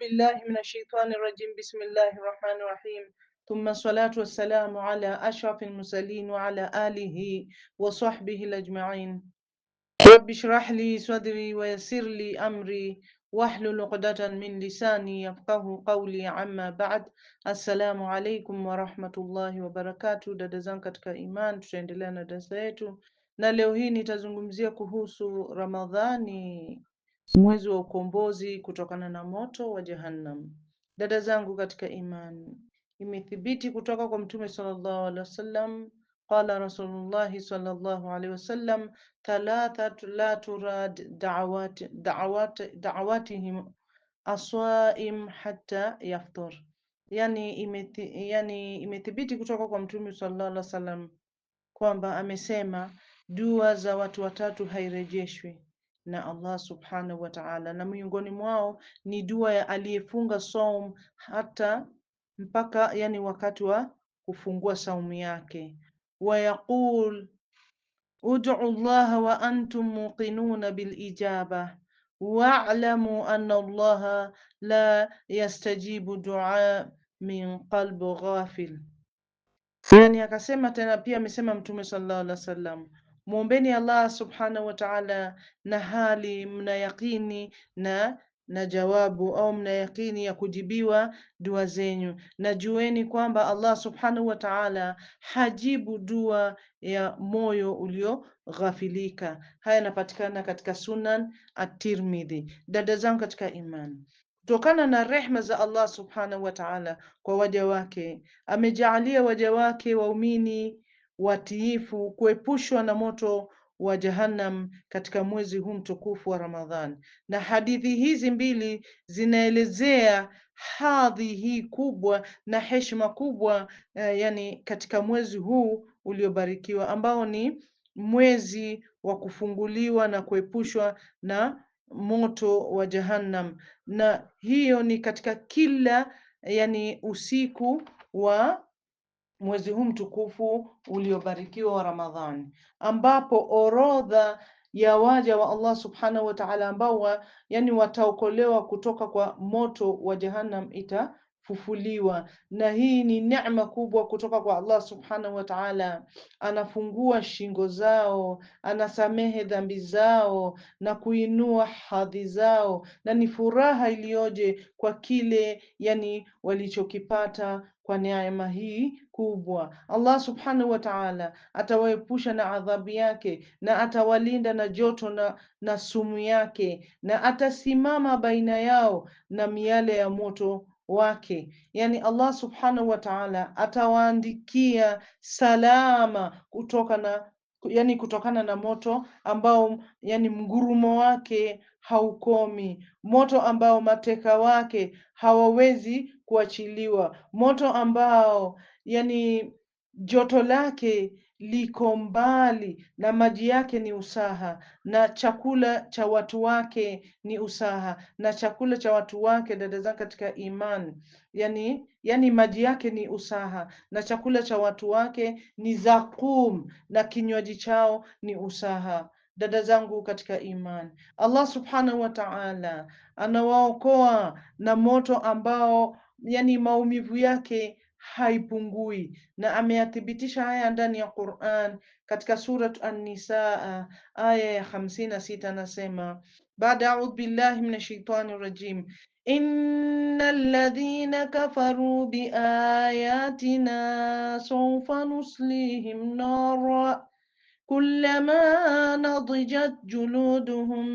billahi minashaitani rajim. Bismillahi rahmani rahim. Thumma salatu wassalamu ala ashrafil mursalin wa ala alihi wa sahbihi ajmain. Rabbi shrah li sadri wa yassir li amri wahlul uqdatan min lisani yafqahu qawli, amma ba'd. Assalamu alaikum warahmatullahi wabarakatuh. Dada zangu katika iman, tutaendelea na darasa yetu, na leo hii nitazungumzia kuhusu Ramadhani mwezi wa ukombozi kutokana na moto wa Jahannam. Dada zangu katika imani, imethibiti kutoka kwa Mtume sallallahu alaihi wasallam, qala Rasulullahi sallallahu alaihi wasallam, thalathat la turad da'awat da'awat da'awatihim aswaim hatta yaftur, yani imethi, yani imethibiti kutoka kwa Mtume sallallahu alaihi wasallam kwamba amesema dua za watu watatu hairejeshwi na Allah subhanahu wa ta'ala, na miongoni mwao ni dua ya aliyefunga saum hata mpaka yani wakati wa kufungua saumu yake, wayaqul ud'u Allah wa antum muqinuna bil ijaba wa'lamu anna Allah la yastajibu du'a min qalbi ghafil. Yani akasema tena pia amesema Mtume sallallahu alaihi wasallam Mwombeni Allah subhanahu wa ta'ala, na hali mna yakini na na jawabu au mna yakini ya kujibiwa dua zenyu, na jueni kwamba Allah subhanahu wa ta'ala hajibu dua ya moyo ulioghafilika. Haya yanapatikana katika Sunan At-Tirmidhi. Dada zangu katika imani, kutokana na rehma za Allah subhanahu wa ta'ala kwa waja wake, amejaalia waja wake waumini watiifu kuepushwa na moto wa Jahannam katika mwezi huu mtukufu wa Ramadhani. Na hadithi hizi mbili zinaelezea hadhi hii kubwa na heshima kubwa eh, yani katika mwezi huu uliobarikiwa ambao ni mwezi wa kufunguliwa na kuepushwa na moto wa Jahannam, na hiyo ni katika kila yani usiku wa mwezi huu mtukufu uliobarikiwa wa Ramadhani, ambapo orodha ya waja wa Allah subhanahu wa ta'ala ambao yani wataokolewa kutoka kwa moto wa Jahannam ita kufufuliwa, na hii ni neema kubwa kutoka kwa Allah subhanahu wa ta'ala. Anafungua shingo zao, anasamehe dhambi zao na kuinua hadhi zao, na ni furaha iliyoje kwa kile yani walichokipata kwa neema hii kubwa. Allah subhanahu wa ta'ala atawaepusha na adhabu yake na atawalinda na joto na, na sumu yake na atasimama baina yao na miale ya moto wake, yani Allah subhanahu wa ta'ala atawaandikia salama kutoka na yani kutokana na moto ambao yani mgurumo wake haukomi, moto ambao mateka wake hawawezi kuachiliwa, moto ambao yani joto lake liko mbali na maji yake ni usaha, na chakula cha watu wake ni usaha, na chakula cha watu wake, dada zangu katika imani, yani yani maji yake ni usaha, na chakula cha watu wake ni zakum, na kinywaji chao ni usaha. Dada zangu katika imani, Allah subhanahu wa ta'ala anawaokoa na moto ambao yani maumivu yake haipungui, na ameyathibitisha haya ndani ya Qur'an katika Surat An-Nisaa uh, aya ya hamsini na sita anasema baada audhu billahi min shaitani rajim innal ladhina kafaru biayatina sawfa nuslihim nara كلما نضجت جلودهم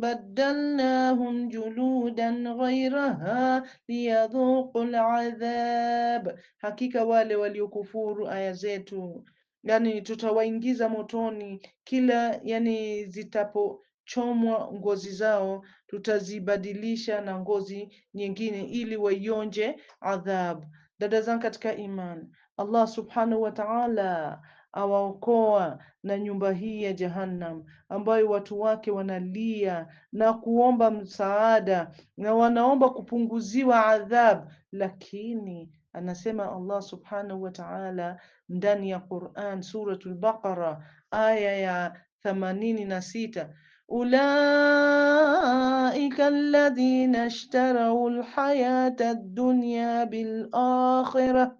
بدلناهم جلودا غيرها ليذوقوا العذاب hakika wale waliokufuru aya zetu yani tutawaingiza motoni kila yani zitapochomwa ngozi zao tutazibadilisha na ngozi nyingine ili waionje adhab dada zangu katika iman Allah subhanahu wa ta'ala awaokoa na nyumba hii ya Jahannam ambayo watu wake wanalia na kuomba msaada na wanaomba kupunguziwa adhab, lakini anasema Allah subhanahu wa ta'ala ndani ya Quran Suratul Baqara aya ya themanini na sita ulaika alladhina ishtarau alhayata ad-dunya bil akhirah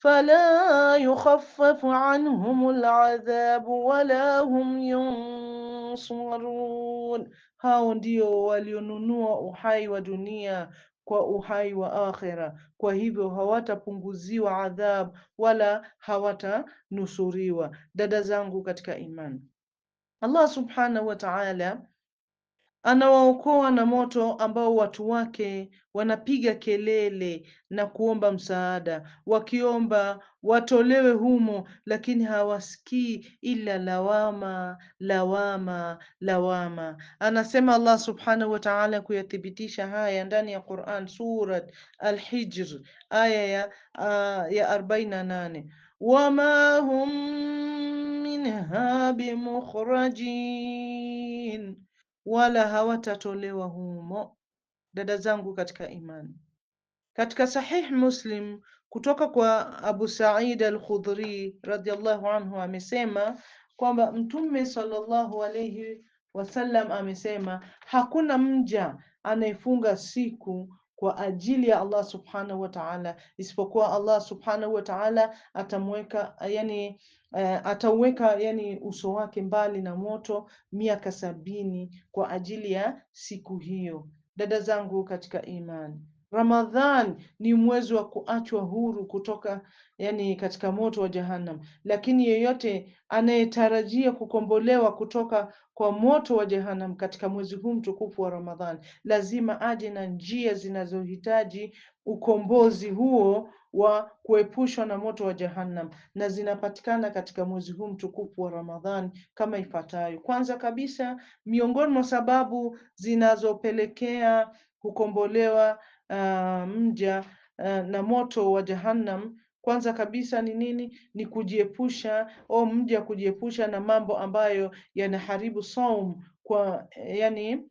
فلا يخفف عنهم العذاب ولا hum ينصرون Hao ndio walionunua uhai wa dunia kwa uhai wa akhira kwa hivyo hawatapunguziwa adhab wala hawatanusuriwa. Dada zangu katika imani, Allah subhanahu wa ta'ala anawaokoa na moto ambao watu wake wanapiga kelele na kuomba msaada, wakiomba watolewe humo, lakini hawasikii ila lawama, lawama, lawama. Anasema Allah subhanahu wa ta'ala kuyathibitisha haya ndani ya Quran, Surat Al-Hijr aya ya ya arobaini na nane wama hum minha bimukhrajin wala hawatatolewa humo. Dada zangu katika imani, katika Sahih Muslim kutoka kwa Abu Sa'id al-Khudri radhiallahu anhu amesema kwamba Mtume sallallahu alayhi wasallam amesema hakuna mja anayefunga siku kwa ajili ya Allah subhanahu wa ta'ala, isipokuwa Allah subhanahu wa ta'ala atamweka yani, uh, atauweka yani uso wake mbali na moto miaka sabini kwa ajili ya siku hiyo. Dada zangu katika imani Ramadhan ni mwezi wa kuachwa huru kutoka yani katika moto wa Jahannam, lakini yeyote anayetarajia kukombolewa kutoka kwa moto wa Jahannam katika mwezi huu mtukufu wa Ramadhan lazima aje na njia zinazohitaji ukombozi huo wa kuepushwa na moto wa Jahannam, na zinapatikana katika mwezi huu mtukufu wa Ramadhan kama ifuatayo. Kwanza kabisa, miongoni mwa sababu zinazopelekea kukombolewa uh, mja uh, na moto wa Jahannam. Kwanza kabisa ni nini? Ni kujiepusha au mja kujiepusha na mambo ambayo yanaharibu saum kwa yani,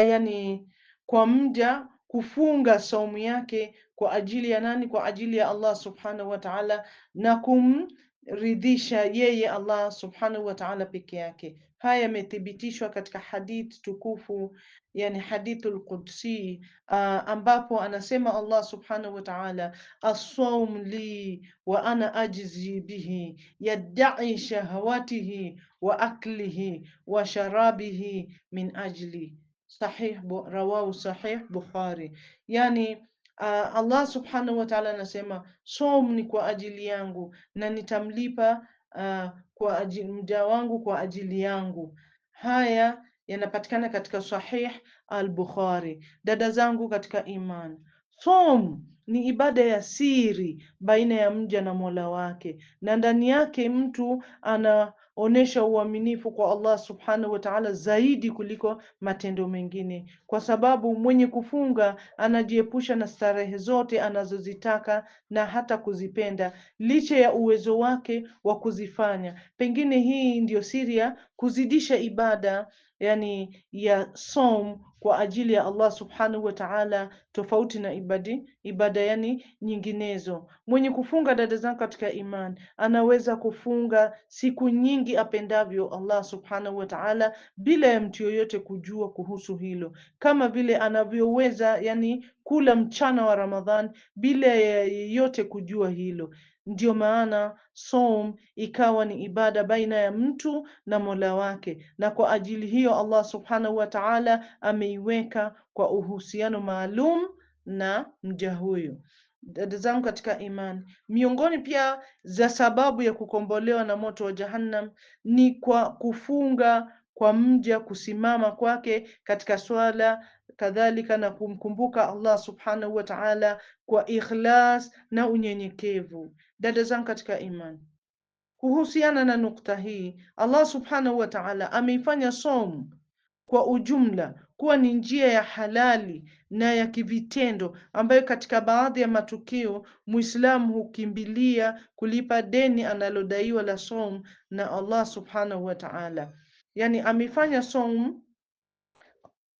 yani kwa mja kufunga saumu yake kwa ajili ya nani? Kwa ajili ya Allah subhanahu wa ta'ala, na kumridhisha yeye Allah subhanahu wa ta'ala peke yake. Haya yamethibitishwa katika hadith tukufu, yani hadithul qudsi uh, ambapo anasema Allah subhanahu wa ta'ala, asawm li wa ana ajzi bihi yadda'i shahawatihi wa aklihi wa sharabihi min ajli sahih rawahu sahih Bukhari. Yani uh, Allah subhanahu wa ta'ala anasema, som ni kwa ajili yangu na nitamlipa uh, kwa ajili mja wangu kwa ajili yangu. Haya yanapatikana katika Sahih al-Bukhari. Dada zangu katika iman, som ni ibada ya siri baina ya mja na Mola wake, na ndani yake mtu ana Onesha uaminifu kwa Allah subhanahu wa ta'ala zaidi kuliko matendo mengine, kwa sababu mwenye kufunga anajiepusha na starehe zote anazozitaka na hata kuzipenda licha ya uwezo wake wa kuzifanya. Pengine hii ndiyo siri ya kuzidisha ibada yani ya som kwa ajili ya Allah subhanahu wa ta'ala, tofauti na ibadi ibada yani nyinginezo. Mwenye kufunga dada zangu katika iman anaweza kufunga siku nyingi apendavyo Allah subhanahu wa ta'ala, bila ya mtu yoyote kujua kuhusu hilo, kama vile anavyoweza yani kula mchana wa Ramadhan bila ya yeyote kujua hilo. ndio maana som ikawa ni ibada baina ya mtu na Mola wake, na kwa ajili hiyo Allah subhanahu wa ta'ala ameiweka kwa uhusiano maalum na mja huyu. Dada zangu katika imani, miongoni pia za sababu ya kukombolewa na moto wa Jahannam ni kwa kufunga kwa mja kusimama kwake katika swala kadhalika na kumkumbuka Allah subhanahu wa ta'ala kwa ikhlas na unyenyekevu. Dada zangu katika imani, kuhusiana na nukta hii, Allah subhanahu wa ta'ala ameifanya somu kwa ujumla kuwa ni njia ya halali na ya kivitendo ambayo katika baadhi ya matukio Muislamu hukimbilia kulipa deni analodaiwa la somu na Allah subhanahu wa ta'ala yani amefanya somu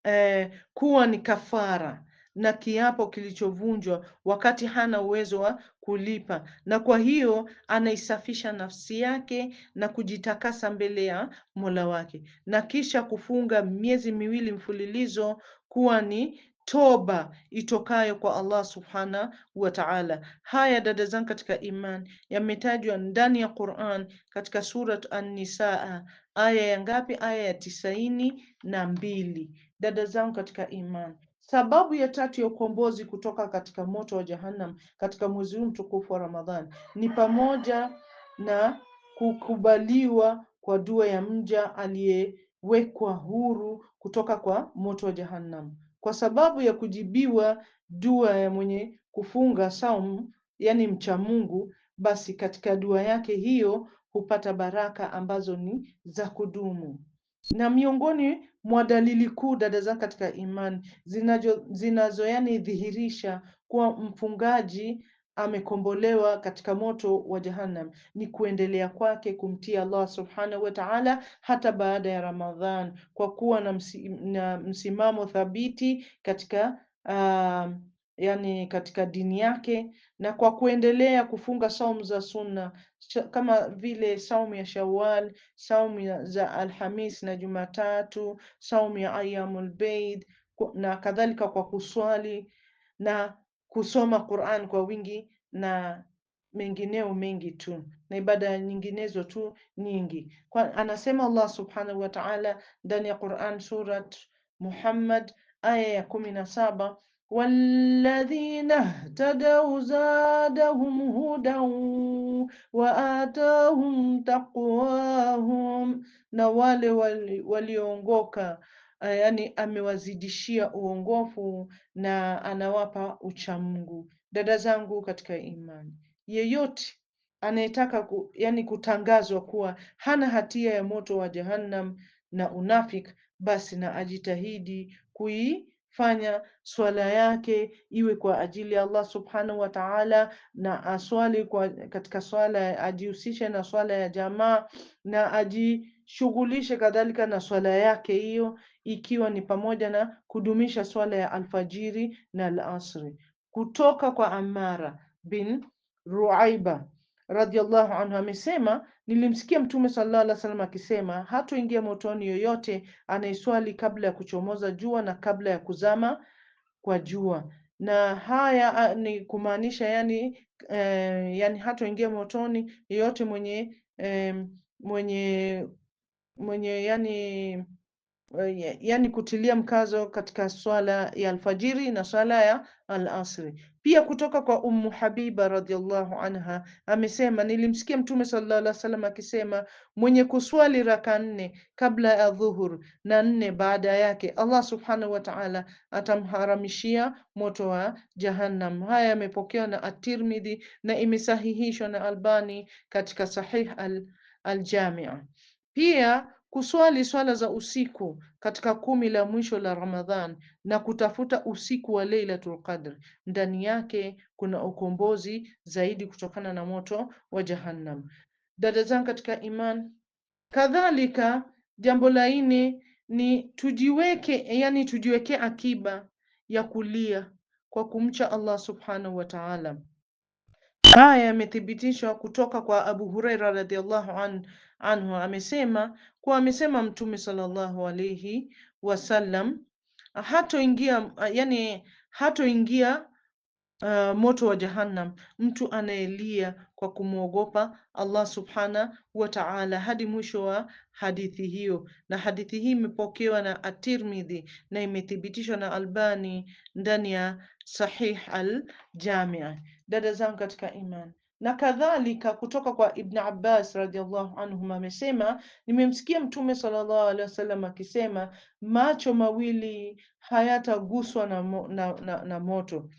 eh, kuwa ni kafara na kiapo kilichovunjwa wakati hana uwezo wa kulipa, na kwa hiyo anaisafisha nafsi yake na kujitakasa mbele ya Mola wake, na kisha kufunga miezi miwili mfululizo kuwa ni toba itokayo kwa Allah subhana wa ta'ala. Haya dada zangu katika iman, yametajwa ndani ya Qur'an katika Surat An-Nisaa aya ya ngapi? Aya ya tisaini na mbili. Dada zangu katika imani, sababu ya tatu ya ukombozi kutoka katika moto wa Jahannam katika mwezi huu mtukufu wa Ramadhani ni pamoja na kukubaliwa kwa dua ya mja aliyewekwa huru kutoka kwa moto wa Jahannam kwa sababu ya kujibiwa dua ya mwenye kufunga saumu, yani mcha Mungu, basi katika dua yake hiyo hupata baraka ambazo ni za kudumu. Na miongoni mwa dalili kuu, dada zangu katika imani, zinazo yani dhihirisha kuwa mfungaji amekombolewa katika moto wa Jahannam ni kuendelea kwake kumtii Allah subhanahu wa ta'ala hata baada ya Ramadhan, kwa kuwa na, msi, na msimamo thabiti katika uh, yani katika dini yake, na kwa kuendelea kufunga saumu za sunna kama vile saumu ya Shawwal, saumu za Alhamis na Jumatatu, saumu ya Ayyamul Bid na kadhalika, kwa kuswali na kusoma Qur'an kwa wingi na mengineo mengi tu na ibada nyinginezo tu nyingi. Kwa anasema Allah subhanahu wa ta'ala ndani ya Qur'an, Surat Muhammad aya ya kumi na saba والذين اهتدوا زادهم هدى waatahum taqwahum, na wale walioongoka wali eh, yaani amewazidishia uongofu na anawapa uchamungu. Dada zangu katika imani, yeyote anayetaka ku, yaani kutangazwa kuwa hana hatia ya moto wa Jahannam na unafik basi na ajitahidi kui fanya swala yake iwe kwa ajili ya Allah subhanahu wa ta'ala, na aswali kwa katika swala, ajihusishe na swala ya jamaa na ajishughulishe kadhalika na swala yake hiyo, ikiwa ni pamoja na kudumisha swala ya alfajiri na asri Kutoka kwa Amara bin Ruaiba radiallahu anhu amesema nilimsikia Mtume sallallahu alaihi wasallam akisema, hatuingia motoni yoyote anayeswali kabla ya kuchomoza jua na kabla ya kuzama kwa jua. Na haya ni kumaanisha yani, eh, yani hatuingia motoni yoyote mwenye eh, mwenye mwenye yani yani kutilia mkazo katika swala ya alfajiri na swala ya alasri. Pia kutoka kwa Ummu Habiba radhiallahu anha amesema, nilimsikia Mtume sallallahu alaihi wasallam akisema, mwenye kuswali raka nne kabla ya dhuhur na nne baada yake, Allah subhanahu wa ta'ala atamharamishia moto wa Jahannam. Haya yamepokewa na At-Tirmidhi na imesahihishwa na Albani katika Sahih al-Jami'. Pia Kuswali swala za usiku katika kumi la mwisho la Ramadhan na kutafuta usiku wa Lailatul Qadr, ndani yake kuna ukombozi zaidi kutokana na moto wa Jahannam. Dada zangu katika iman, kadhalika jambo la nne ni tujiweke, yani tujiweke akiba ya kulia kwa kumcha Allah subhanahu wa ta'ala. Haya yamethibitishwa kutoka kwa Abu Huraira radhiallahu an, anhu amesema kuwa amesema Mtume sallallahu alaihi wasallam hatoingia, yani hatoingia Uh, moto wa Jahannam mtu anayelia kwa kumwogopa Allah subhana wa ta'ala, hadi mwisho wa hadithi hiyo. Na hadithi hii imepokewa na At-Tirmidhi na imethibitishwa na Albani ndani ya Sahih al-Jami'. Dada zangu katika imani na kadhalika kutoka kwa Ibn Abbas radhiallahu anhuma amesema, nimemsikia Mtume sallallahu alaihi wasallam akisema, macho mawili hayataguswa na, na, na, na moto.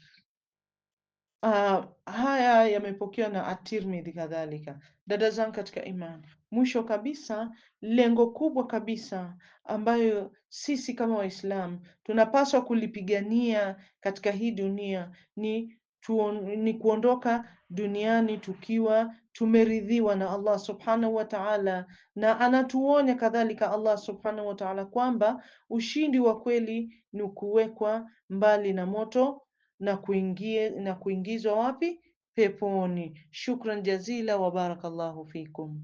Uh, haya yamepokewa na At-Tirmidhi kadhalika. Dada zangu katika imani, mwisho kabisa, lengo kubwa kabisa ambayo sisi kama Waislamu tunapaswa kulipigania katika hii dunia ni ni kuondoka duniani tukiwa tumeridhiwa na Allah subhanahu wa ta'ala, na anatuonya kadhalika Allah subhanahu wa ta'ala kwamba ushindi wa kweli ni kuwekwa mbali na moto na kuingie, na kuingizwa wapi? Peponi. Shukran jazila wa barakallahu fikum.